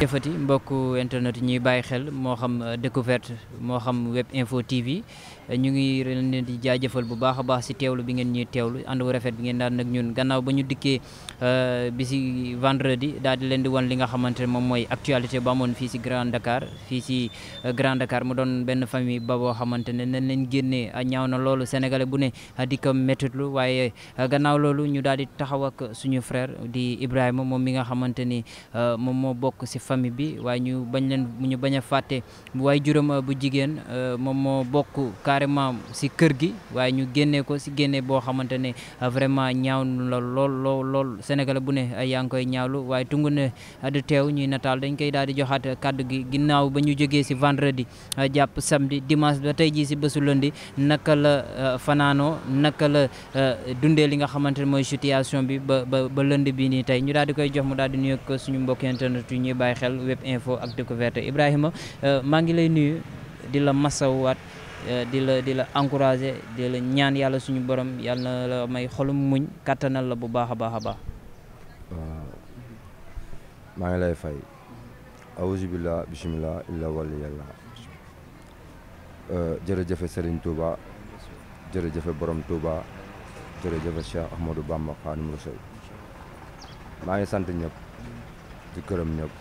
jëfati mbokku internet ñuy bàyyi xel moo xam euh, découverte moo xam web info TV ñu ngi leen di jaajëfal bu baax a baax si teewlu bi ngeen ñuy teewlu ànd wu rafet bi ngeen daan nag ñun gannaaw ba ñu dikkee euh, bi si vendredi daal di leen di wan li nga xamante ne moom mooy actualité ba fii si Grand Dakar fii si euh, Grand Dakar mu doon benn famille ba boo xamante ne nañ leen génnee euh, ñaaw na loolu sénégalais bu ne di ko waaye gannaaw loolu ñu daal di taxaw ak suñu frère di Ibrahima moom mi nga xamante ni moom moo bokk si famille bi waaye ñu bañ leen ñu bañ a fàtte waaye juróom bu jigéen moom moo bokk carrément si kër gi waaye ñu génnee ko si génnee boo xamante ne euh, vraiment ñaaw la lool lool lool Sénégal bu ne euh, yaa ngi koy ñaawlu waaye tungu ne euh, du teew ñuy nataal dañ koy daal di joxaat kàddu gi ginnaaw ba ñu jógee si vendredi jàpp samedi dimanche ba tey jii si bésu lundi naka la fanaanoo naka la dundee li nga xamante ne mooy situation bi ba ba ba lundi bii nii tey ñu daal di koy jox mu daal di nuyu ko suñu mbokk internet yu ñuy bàyyi xel web info ak découverte Ibrahima Eh, di la di la encourager di la ñaan yàlla suñu borom yàlla na la may xolum muñ kàttanal la bu baax a baax a baax maa ngi lay fay awuzubillah bismillah illa wali yàlla eh, jërëjëfe Serigne Touba jërëjëfe borom Touba jërëjëfe Cheikh Ahmadou Bamba Xaadimu Rasuul maa ngi sant ñëpp di gërëm ñëpp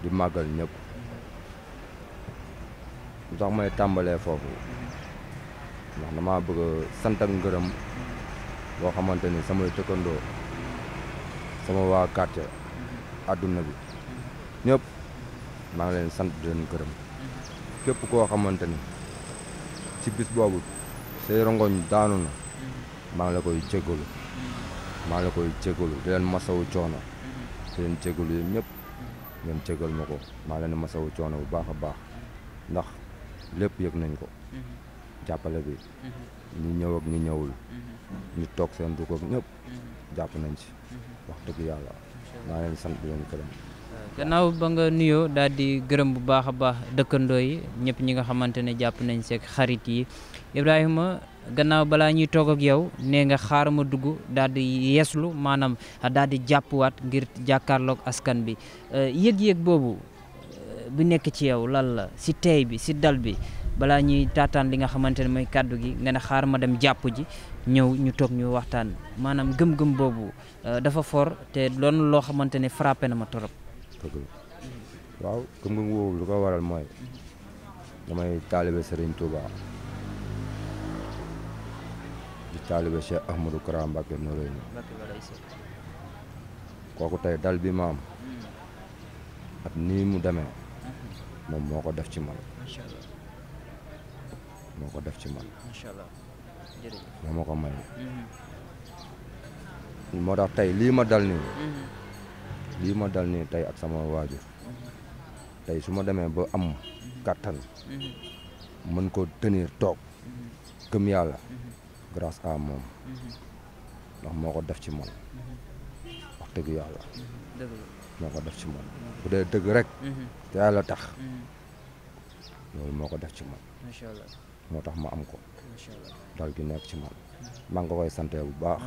di màggal ñëpp lu tax may tàmbalee foofu ndax damaa bëgg sant ak ngërëm boo xamante ni samay tëkkandoo sama waa quartier adduna bi ñëpp maa ngi leen sant di leen gërëm képp koo xamante ni ci bis boobu say rongoñ daanu na maa ngi la koy jégalu maa ngi koy jégalu di leen masawu coono di leen jégalu yéen ñëpp ngeen jégal ma ko maa ngi leen masawu coono bu baax a baax ndax lépp yëg nañ ko mm-hmm. jàppale bi mm-hmm. ñu ñëw ak ñëwul mm-hmm. ñu toog seen dugg ñëpp jàpp nañ ci wax dëgg yàlla maa leen sant di leen gërëm euh, gannaaw ba nga nuyoo daal di gërëm bu baax a baax dëkkandoo yi ñëpp ñi nga xamante ne jàpp nañ seeg xarit yi Ibrahima gannaaw balaa ñuy toog ak yow nee nga xaar ma dugg daal di yeeslu maanaam daal di jàppuwaat ngir jàkkaarlook askan bi euh, yëg-yëg boobu bu nekk ci yow lan la si tey bi si dal bi balaa ñuy taataan li nga xamante ne mooy kàddu gi nga ne xaar ma dem jàpp ji ñëw ñu toog ñu waxtaan maanaam gëm-gëm boobu euh, dafa for te loolu loo xamante ne frappé na ma torop waaw gëm-gëm boobu lu ko waral mooy damay taalibe Serigne Touba di taalibe Cheikh Ahmadou Kara Mbacké Noreyni kooku tey dal bi ma nii mu demee moom moo ko def ci man. macha allah moo ko def ci man. macha allah jërëjëf moo ma ko may. Mm-hmm. moo tax tey lii ma dal nii. Mm-hmm. lii ma dal nii tey ak sama waajur. Mm-hmm. tey su ma demee ba am kàttan. mën ko tenir toog. gëm yàlla. grâce à moom. ndax moo ko def ci man. wax dëgg yàlla. moo ko def ci moom bu dee dëgg rek mhm. te yàlla tax mhm. loolu moo ko def ci moom macha allah moo tax ma am ko macha allah dal gi nekk ci moom mhm. maa ngi ko koy sante bu baax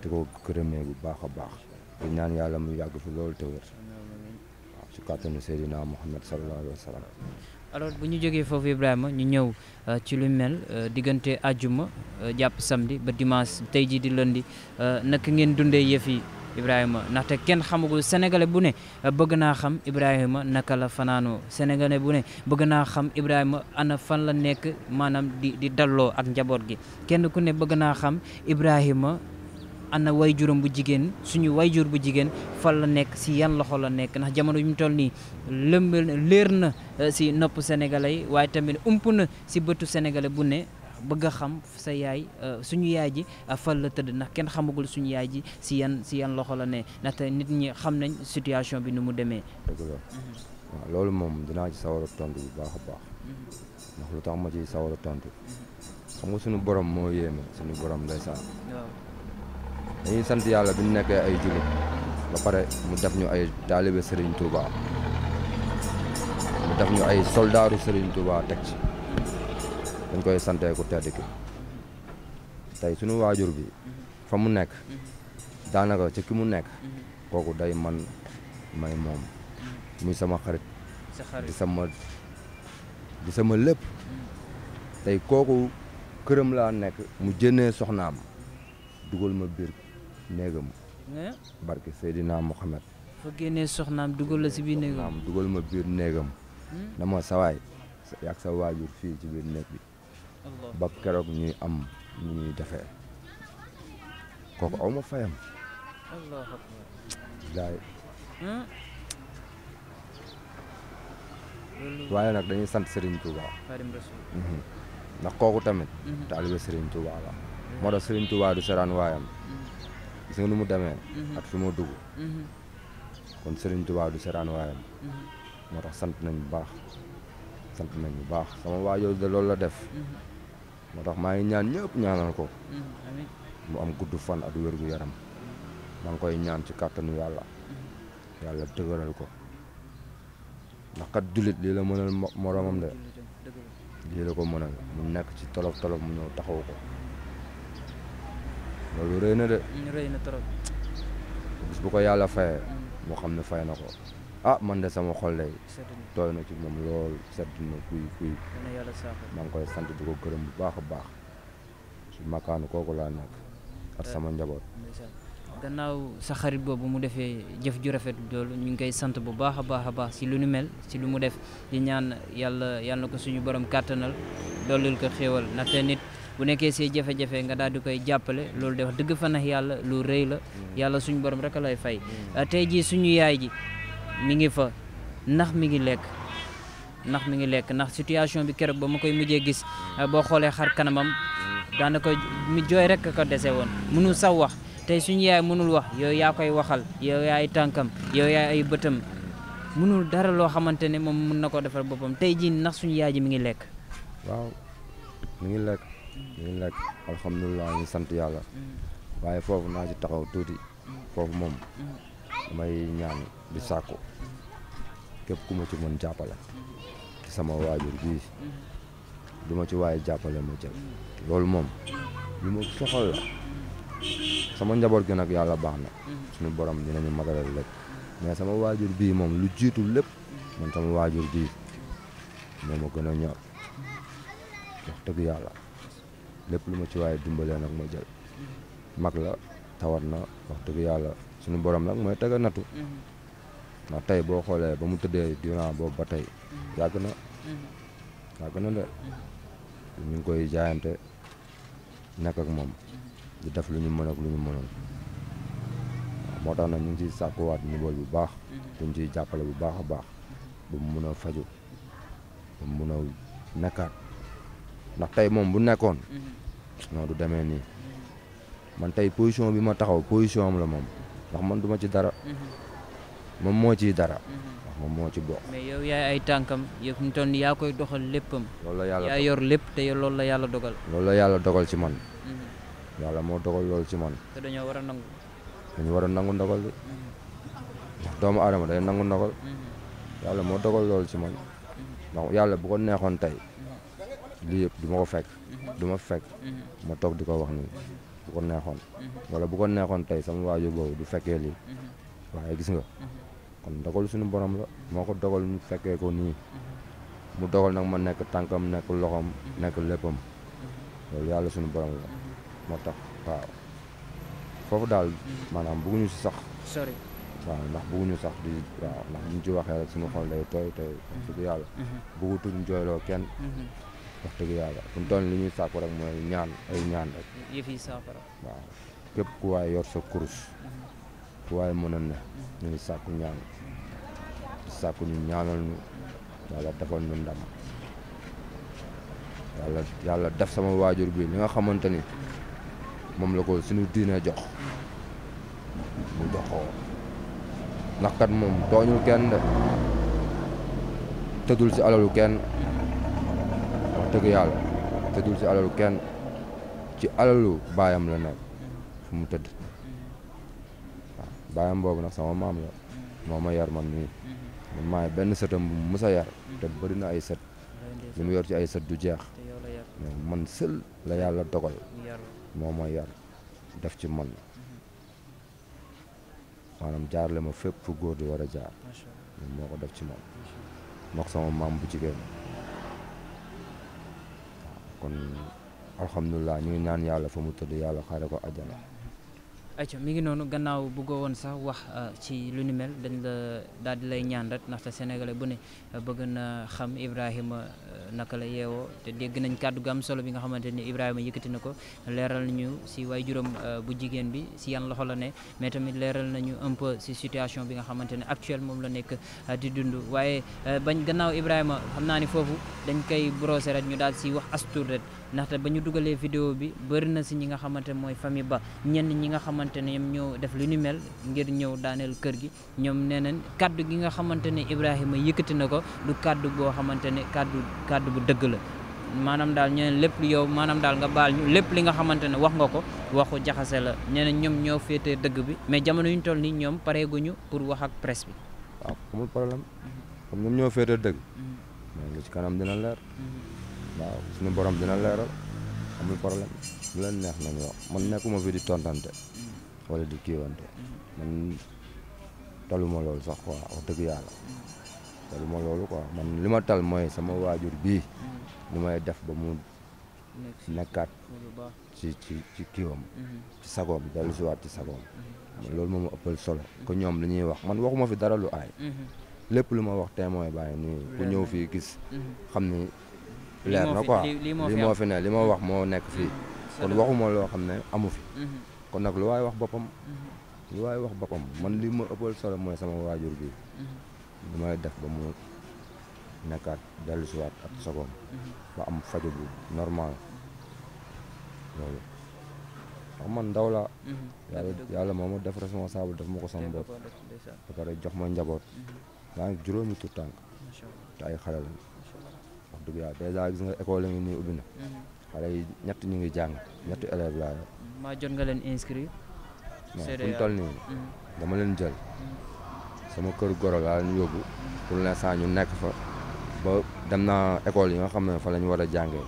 te ko gërëmee bu baax a baax di ñaan yàlla mu yàgg fi loolu te wér waaw ci kàttanu Seydina Muhammad sallallahu alayhi wa alors bu ñu jógee foofu Ibrahima ñu ñëw euh, ci lu mel euh, diggante àjjuma euh, jàpp samedi ba dimanche tey jii di lundi naka ngeen dundee yëf yi Ibrahima ndaxte kenn xamagul sénégalais bu ne bëgg naa xam Ibrahima naka la fanaanoo sénégalais bu ne bëgg naa xam Ibrahima ana fan la nekk maanaam di di dalloo ak njaboot gi kenn ku ne bëgg naa xam Ibrahima ana wayjuram bu jigéen suñu wayjur bu jigéen fan la nekk si yan loxo la nekk ndax jamono yu mu toll nii lëmb leer na eh, si nopp sénégalais waaye tamit ump na si bëtu sénégalais bu ne. bëgg a xam sa yaay euh, suñu yaay ji euh, fan la tëdd ndax kenn xamagul suñu yaay ji si yan si yan loxo la ne ndaxte nit ñi xam nañ situation bi nu mu demee. Mhm. loolu moom dinaa ci sawar a tontu bu baax baax mhm. ndax lu tax ma ci sawar a tontu mhm. xam nga suñu borom moo yéeme suñu borom ndeysaan. waaw dañuy sant yàlla bi ñu nekkee ay jullit ba pare mu def ñu ay taalibe sëriñ Touba mu def ñu ay soldaaru Serigne Touba teg ci. dañ koy santee ku tedd ki tey suñu waajur bi fa mu nekk daanaka ca ki mu nekk kooku day man may moom muy sama xarit di sama di sama lépp tey kooku këram laa nekk mu jënnee soxnaam dugal ma biir néegam barke Seydina Muhammad fa génnee soxnaam dugal la si biir néegam dugal ma biir néegam dama hmm? sawaay yàgg sa waajur fii ci biir néeg ba keroog ñuy am ñu ñuy defee kooku aw ma fayam. bilaay. Hmm? waaye nag dañuy sant Serigne Touba. Mhm. ndax kooku tamit. Mhm. taalibe Serigne Touba la. Mhm. moo tax Serigne Touba du seraan waayam. gis nu mu demee. ak fi dugg. kon Serigne Touba du moo tax sant nañ bu baax sant nañ bu baax sama waajoo de loolu la def. moo tax maa ngi ñaan ñëpp ñaanal ko. Mm-hmm. mu am gudd fan ak wér yaram. Mm-hmm. maa ngi koy ñaan ci kàttanu yàlla. Mm-hmm. yàlla dëgëral ko. ndax kat jullit lii la mënal moroomam de. lii la ko mënal mu nekk ci tolof tolof mu ñëw taxaw ko. loolu rëy na de. rëy bis bu ko yàlla fayee. moo xam ne fay na ko. ah man de sama xol lay tooy na ci moom lool sedd na kuy kuy maa ngi koy sant di ko gërëm bu baax a baax su makaanu kooku laa nekk ak sama njaboot gannaaw sa xarit boobu mu defee jëf ju rafet loolu ñu ngi koy sant bu baax a baax a baax si lu nu mel si lu mu def di ñaan yàlla yàlla na ko suñu borom kàttanal dollul ko xéewal ndaxte nit bu nekkee si jafe-jafe nga daal di koy jàppale loolu def wax dëgg fa nax yàlla lu rëy la mm. yàlla suñu borom rek lay fay mm. tey jii suñu ji mi ngi fa ndax mi ngi lekk ndax mi ngi lekk ndax situation bi keroog ba ma koy mujjee gis mm. boo xoolee xar kanamam mm. daanaka mu jooy rek ko dese woon mënul sax wax tey suñu yaay mënul wax yow yaa koy waxal yow yaay tànkam yow yaay ay bëtam mënul dara loo xamante ne moom mën na koo defar boppam tey jii ndax suñu yaay ji mi ngi lekk waaw mi ngi lekk mi ngi lekk alhamdulilah ñu sant yàlla mm. waaye foofu naa ci taxaw tuuti foofu moom damay ñaan di sàkku képp ku ma ci mën jàppale ci sama waajur bii du ma ci waaye jàppale ma jël loolu moom lu ma soxal la sama njaboot gi nag yàlla baax na suñu borom dinañu magalal lépp mais sama waajur bii moom lu jiitu lépp man sama waajur bii moo ma gën a ñor wax dëgg yàlla lépp lu ma ci waaye dimbalee nag ma jël mag la tawat na wax dëgg yàlla suñu borom nag mooy tega nattu mm-hmm. ndax tey boo xoolee ba mu tëddee durant boobu ba tey mm-hmm. yàgg na mm-hmm. yàgg na de ñu ngi koy jaayante nekk moom di def lu ñu mën ak lu ñu mën mënoon moo tax nag ñu ngi ciy ñu niveau bu baax dañ ciy jàppale bu baax a baax ba mu mun faju ba mu mun a nekkaat ndax tey moom bu nekkoon non du demee nii man tey position bi ma taxaw position am la moom ndax man duma ci dara. Mm-hmm. moom moo ciy dara. Mm-hmm. ndax moom moo ci bokk. mais yow yaay ay tànkam yow fi mu yaa koy doxal léppam. loolu yàlla yaa yor lépp te loolu la yàlla dogal. loolu la yàlla dogal ci man. Mm-hmm. yàlla moo dogal loolu ci man. te dañoo war a nangu. war a nangu ndogal doomu aadama day nangu ndogal. yàlla moo dogal loolu ci man. ndax yàlla bu neexoon tey. lii yëpp du ma ko fekk. du ma fekk. ma toog di ko wax nii. bu neexoon. wala bu ko neexoon tey sama waajur boobu du fekkee lii. Mhm. waaye gis nga. Mhm. kon dogal suñu borom la moo ko dogal ñu fekkee ko nii. Mhm. mu dogal nag ma nekk tànkam nekk loxoom nekk léppam loolu yàlla suñu borom la moo tax waaw foofu daal maanaam bëgguñu si sax sori waaw ndax bëgguñu sax di waaw ndax ñu ci waxee rek suñu xol day tooy tooy wax dëgg yàlla bëggutuñ jooyloo kenn wax dëgg yàlla fu mu toll ñuy sàkku rek mooy ñaan ay ñaan rek. yëf yi waaw képp ku yor sa kurus. ku mhm. waay mën a ne. Mhm. ñu ngi sàkku ñaan di ñu ñaanal ñu yàlla yàlla def sama waajur bi li nga xamante ni moom la ko suñu diine jox mu jox ko moom tooñul kenn de tëddul si alalu kenn. dëgg yàlla te dul si alalu kenn ci alalu baayam la nekk fu mu tëdd baayam boobu nag sama maam la moo ma yar man mii man maay benn sëtam bu mu mës yar te bëri na ay sët li mu yor ci ay sët du jeex man sël la yàlla dogal moo ma yar def ci man maanaam jaarale ma fépp góor di war a jaar moo ko def ci man mook sama maam bu jigéen kon alhamdulilah ñu ngi ñaan yàlla fa mu tëdd yàlla xaare ko àjjana ayca mi ngi noonu gannaaw bëggoo woon sax wax euh, ci lu ni mel dañ la daal di lay ñaan rek ndaxte sénégalais bu ne euh, bëgg na xam Ibrahima euh, naka la yeewoo te dégg nañ kàddu gu am solo bi nga xamante ni Ibrahima yëkkati na ko leeral nañu si waay juróom bu jigéen bi si yan loxo la ne mais tamit leeral nañu un si situation bi nga xamante ne actuelle moom la nekk di dund waaye bañ gannaaw Ibrahima xam naa ni foofu dañ koy brosser rek ñu daal si wax astuur rek ndaxte ba ñu dugalee vidéo bi bëri na si ñi nga xamante mooy famille ba ñenn ñi nga xamante ne ñoom ñoo def lu ni mel ngir ñëw daaneel kër gi ñoom nee nañ kàddu gi nga xamante ne Ibrahima yëkkati na ko du kàddu boo xamante ne kàddu kàddu bu dëgg la maanaam daal ñeneen lépp yow maanaam daal nga baal ñu lépp li nga xamante ne wax nga ko waxu jaxase la ñeneen ñoom ñoo féetee dëgg bi mais jamono yu ñu toll nii ñoom pareeguñu pour wax ak presse bi. waaw ah, amul problème comme ñoom ñoo féetee dëgg. Mm-hmm. waaw suñu borom dina leeral amul problème lu leen neex nañ wax man nekkuma fi di tontante wala di kiiwante man taluma loolu sax quoi wax dëgg yàlla taluma loolu quoi man li ma tal mooy sama waajur bii li may def ba mu nekkaat ci ci ci kiiwam ci sagoom dellu si waat ci sagoom loolu moom ëppal solo ko ñoom li ñuy wax man waxuma fi dara lu aay mhm. lépp lu ma wax témoin bàyyi nii ku ñëw fii gis mhm. xam ni li na quoi lii moo fi ne li ma wax moo nekk fii mm-hmm. kon waxuma loo xam ne amu fi mm-hmm. kon nag lu waaye wax boppam mm-hmm. lu waaye wax boppam man li ma ëppal solo mooy sama waajur bi li may def ba mu nekkaat dellu siwaat ak sagoom ba am faju bu normal loolu wax man ndaw la yàlla yàlla moo ma def responsable daf ma ko sama bopp ba pare jox ma njaboot maa ngi juróomi tur tànk te ay xale lañ dëgg yàlla dèjà gis nga école la ngi nii ubbi na mhm. xale yi ñett ñu ngi jàng ñetti élève laa yor maa jot nga leen inscrire non fu ñu nii mhm. dama leen jël mhm. sama kër goro laa leen yóbbu pour saa ñu nekk fa ba dem na école yi nga xam ne fa la ñu war a jàngee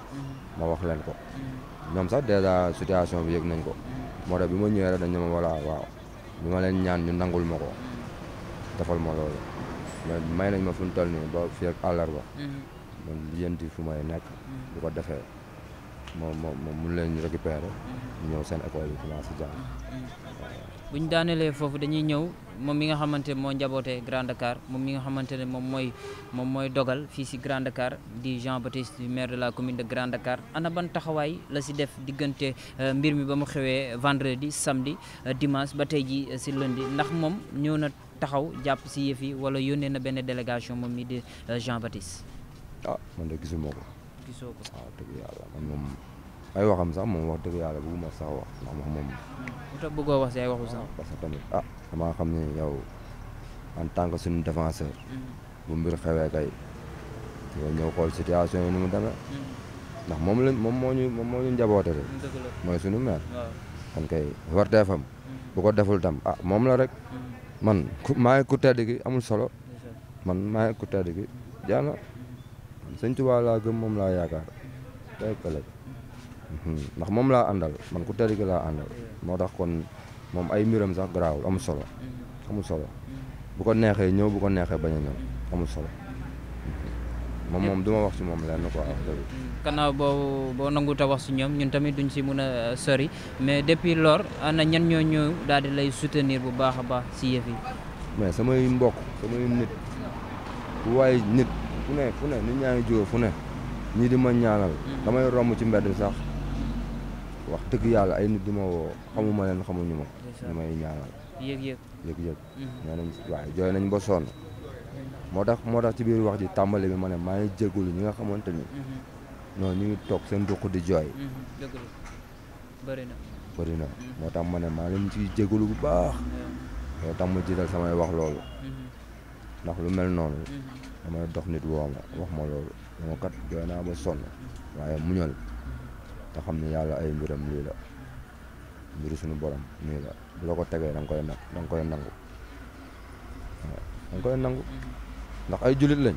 ma wax leen ko ñoom sax dèjà situation bi yëg nañ ko moo tax bi ma ñëwee rek dañ ne ma waaw ñu ma leen ñaan ñu nangul ma ko defal ma loolu mais may nañ ma fu toll nii ba fii ak àllarba man lijanti fu may nekk. bu ko defee moom moom mun leen récupérer. Mm-hmm. ñëw seen école yi commencé jàng. Mm-hmm. bu ñu daanelee foofu dañuy ñëw moom mi nga xamante ne moo njabootee Grand Dakar moom mi nga xamante ne moom mooy moom mooy dogal fii si Grand Dakar di Jean Baptiste maire de la commune de Grand Dakar ana ban taxawaay la si def diggante euh, mbir mi ba mu xewee vendredi samedi euh, dimanche ba tey ji si euh, lundi ndax moom ñëw na taxaw jàpp si yëf yi wala yónnee na benn délégation moom mi di Jean Baptiste. ah man de gisuma ko. gisoo ko waaw ah, dëgg yàlla man moom ay waxam sax moom wax dëgg yàlla bëgguma sax wax ndax wax moom. wax si ah, ah, ne en tant que suñu défenseur. Mm-hmm. bu mbir yi ni mm-hmm. ndax moom la moom moo ñu moo ñu njaboote rek. mooy suñu maire. kan kay wartee fam mm-hmm. bu deful tam a moom la rek. man ku maa ngi ku amul solo. man maa ngi ku tedd sëñ Tuubaa laa gëm moom laa yaakaar tey ëllëg mhm. ndax moom laa àndal man ku tedd ki laa moo tax kon moom ay mbiram sax garaawul amul solo amul solo bu ko neexee ñëw bu neexee bañ a ñëw solo mhm. moom moom du wax ci moom lenn quoi wax dëgg. boo boo nanguut a wax si ñoom ñun tamit duñ si mën a euh, sori mais depuis lors ana ñan ñoo ñëw daal di lay soutenir bu baax a baax ci yëf yi. mais samay mbokk samay nit waaye nit. fu ne fu ne nit ñaa ngi jóge fu ne ñii di ma ñaanal mm. damay romb ci mbedd sax wax dëgg yàlla ay nit di ma woo xamuma leen xamuñu ma may ñaanal yëg-yëg yëg-yëg mm-hmm. nañ waaye jooy moo tax moo tax ci biir wax ji tàmbali bi ma ne maa ngi jégalu ñi nga xamante ni mm-hmm. non ñu ngi toog seen duq di jooy mm-hmm. bëri na moo tax ma ne maa leen ciy jégalu bu baax moo tax ma jiital samay wax loolu ndax lu mel noonu dama dox nit woo ma wax ma loolu dama kat jooy naa ba sonn waaye muñal te xam ne yàlla ay mbiram lii la mbiru suñu borom nii la bu ko tegee danga koy nag da nga koy nangu waaw koy nangu mm-hmm. ndax ay jullit lañ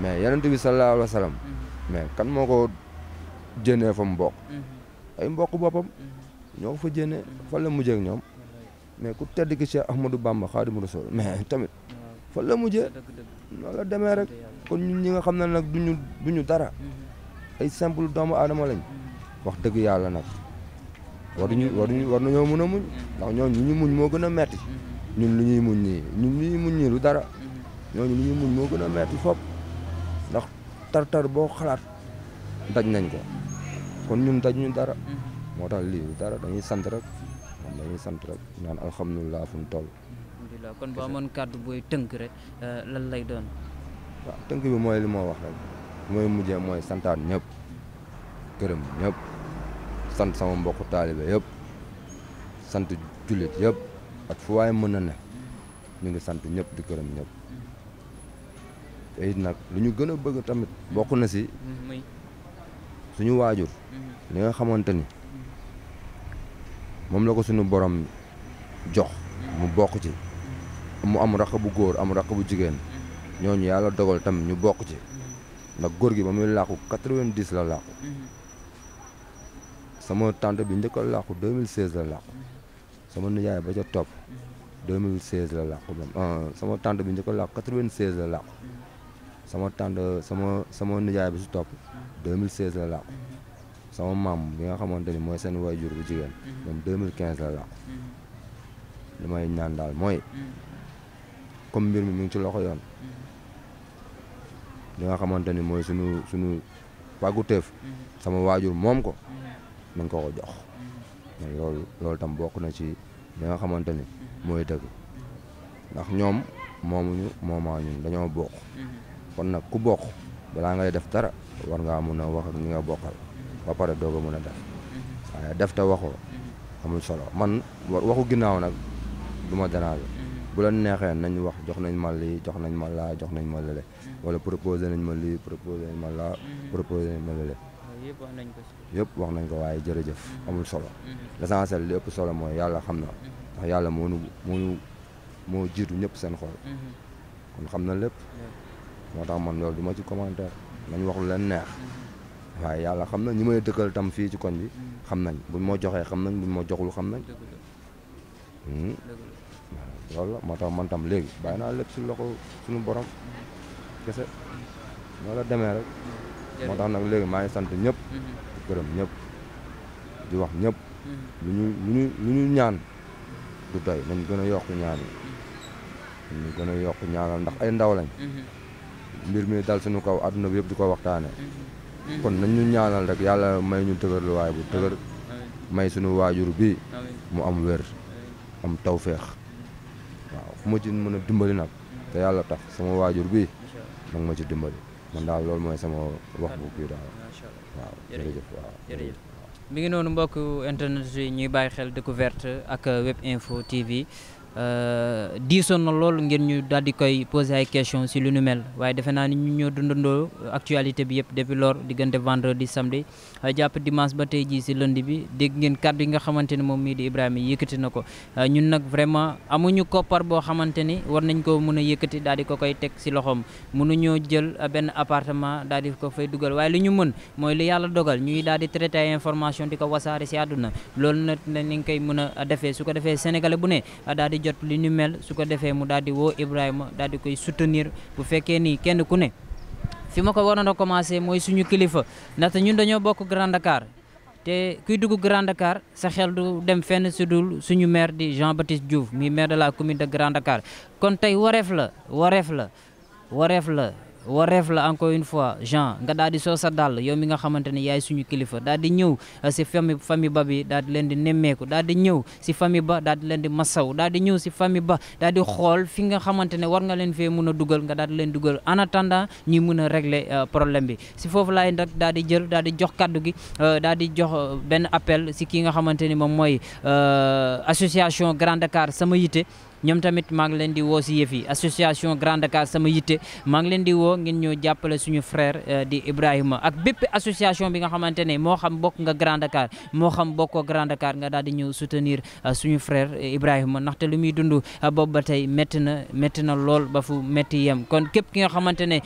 mais yonent bi sallallahu alayhi wa mm-hmm. mais kan moo ko jénnee fa mu bokk mm-hmm. ay mbokk boppam ñoo ko fa jénnee fan la mujjee ak ñoom mais ku tedd ki Cheikh Ahmadou Bamba Xaadimu Rasuul mais tamit fan la mujjee noonu la demee rek kon ñun ñi nga xam ne nag duñu duñu dara mm-hmm. ay simple doomu aadama lañ mm-hmm. wax dëgg yàlla nag mm-hmm. waruñu waruñu war nañoo mën a muñ ndax ñoom ñu ñu muñ moo gën a metti ñun lu ñuy muñ nii ñun lu ñuy muñ nii lu dara ñooñu lu ñuy muñ moo gën a metti fop ndax tar-tar boo xalaat daj nañ ko kon ñun daj ñu dara moo tax lii lu dara dañuy sant rek moom dañuy sant rek ñaan alhamdulilah fu mu toll alhamdulilah kon boo amoon kàddu booy tënk rek euh, lan lay doon. waaw tënk bi mooy li moo wax rek mooy mujjee mooy santaan ñëpp këram ñëpp sant sama mbokku taalibe yëpp sant jullit yëpp ak fu waay mën a ne ñu ngi sant ñëpp di këram ñépp te it nag lu ñu gën a bëgg tamit bokk na si mm-hmm. suñu waajur mm-hmm. li nga xamante ni moom la ko suñu borom jox mu bokk ci mu am rakk bu góor am rakk bu jigéen ñooñu yàlla dogal tamit ñu bokk ci ndax góor gi ba muy làqu quatre-vingt-dix la làqu sama tante bi njëkk a làqu 2016 la làqu sama nijaay ba ca topp 2016 la làqu euh, sama tante bi njëkk a làqu 96 la làqu sama tante sama sama nijaay bi si topp 2016 la làqu sama maam bi nga xamante ni mooy seen waajur bu jigéen moom 2015 la làqu li may ñaan daal mooy comme mbir mi mu ngi ci loxo yoon mm-hmm. li nga xamante ni mooy sunu sunu pàgguteef mm-hmm. sama waajur moom ko mm-hmm. nañ ko ko jox loolu loolu tam bokk na ci li nga xamante ni mooy dëgg ndax ñoom moomuñu moomaa ñun dañoo bokk kon nag ku bokk balaa ngay def dara war ngaa mun a wax nga bokkal ba pare doog a mun a def waaye def te waxoo amul solo man waxu ginnaaw nag du ma déranger bu la neexee nañ wax jox nañ ma lii jox nañ ma laa jox nañ ma lële wala proposé nañ ma lii proposé nañ ma laa mm-hmm. proposé nañ ma lële yëpp wax nañ ko waaye jërëjëf mm-hmm. amul solo mm-hmm. l'essentiel li ëpp solo mooy yàlla xam na ndax yàlla moo nu moo jiitu ñëpp seen xol kon xam na lépp moo tax man loolu du ma ci commentaire nañ wax lu leen neex waaye yàlla xam na ñi may dëkkal tam fii ci koñ bi xam nañ buñ moo joxee xam nañ buñ ma joxul xam nañ loolu moo tax man tam léegi bàyyi naa lépp si loxo suñu borom kese noonu la demee rek. moo tax nag léegi maa ngi sant ñëpp. di mhm. gërëm ñëpp di wax ñëpp. Mhm. lu ñu lu lu ñu ñaan du doy nañ gën a yokk ñaan yi gën a yokk ñaanal ndax ay ndaw lañ. Mhm. mbir mi dal sunu kaw àdduna bi yëpp di ko waxtaanee. kon nañ ñu ñaanal rek yàlla may ñu dëgërluwaay bu dëgër may suñu waajur bi mu am wér am tawféex. ku ma ci mën a dimbali nag te yàlla tax sama waajur bi nag ma ci dimbali man daal loolu mooy sama wax bu kii daal waaw jërëjëf waaw mi ngi noonu mbokk internet yi ñuy bàyyi xel découverte ak web info tv Euh, diisoon na lool ngir ñu daal di koy poser ay questions si lu nu mel waaye defe naa ni ñu ñoo dundandoo actualité bi yëpp depuis lors diggante vendredi samedi euh, jàpp dimanche ba tey jii si lundi bi dégg ngeen kàddu yi nga xamante ne moom mii di Ibrahima yëkkati na ko euh, ñu nag vraiment amuñu koppar boo xamante ni war nañ ko mën a yëkkati daal di ko koy teg si loxoom ñoo jël benn appartement daal di ko fay dugal waaye li ñu mën mooy li yàlla dogal ñuy daal di traité ay information di ko wasaare si àdduna loolu nag koy mën a defee su ko defee sénégalais bu jot li ñu mel su ko defee mu daal woo Ibrahima daal di koy sutenir bu fekkee nii kenn ku ne fi ma ko waroon a commencé mooy suñu kilifa ndaxte ñun dañoo bokk Grand Dakar te kuy dugg Grand Dakar sa xel du dem fenn su dul suñu maire di Jean-Baptiste Diouf mi maire de la commune de Grand Dakar kon tey wareef la wareef la wareef la wareef la encore une fois Jean nga daal di soo sa dàll yow mi nga xamante ne yaay suñu kilifa daal di ñëw si fami famille ba bi daal di leen di nemmeeku daal di ñëw si ba daal leen di masaw daal di ñëw si famille ba daadi xool fi nga xamante ne war nga leen fee mun a dugal nga daal di leen dugal en attendant ñuy mun a regle problème bi si foofu laay nag daal di jël daal di jox kaddu gi daal di jox benn appel si ki nga xamante ni moom mooy association grande Dakar sama yite ñoom tamit maa ngi leen di woo si yëf association Grand Dakar sama yitte maa ngi leen di woo ngeen ñoo jàppale suñu frère euh, di Ibrahima ak bépp association bi nga xamante ne moo xam bokk nga grande Dakar moo xam bokkoo grande car nga daal di ñëw soutenir euh, suñu frère euh, Ibrahima ndaxte lu muy dund boobu ba tey métti na métti na lool ba fu métti yem kon képp ki nga xamante ne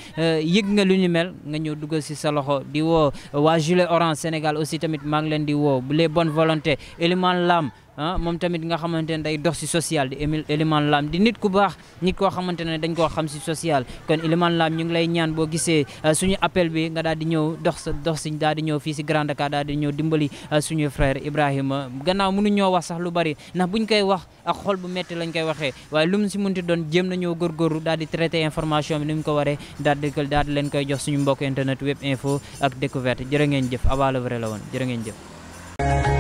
yëg nga lu ñu mel nga ñëw dugal si sa loxo di woo waa Gilet Orange Sénégal aussi tamit maa ngi leen di woo les bonnes volontés Eliman Lam ah moom tamit nga xamante ne day dox si social di Elimane Lam di nit ku baax nit koo xamante ne dañ koo xam si social kon Elimane Lam ñu ngi lay ñaan boo gisee ah, suñu appel bi nga daal di ñëw dox dox si daal di ñëw fii si Grand Dakar daal di ñëw dimbali ah, suñu frère Ibrahima gannaaw mënu ñoo wax sax lu bari ndax buñ koy wax ak xol bu metti lañ koy waxee waaye lu mu si mun ti doon jëm na jéem nañoo góorgóorlu daal di traité information bi ni ñu ko waree daal di daal di leen koy jox suñu mbokk internet web info ak découverte jërë ngeen jëf Aba le vrai la woon jërë ngeen jëf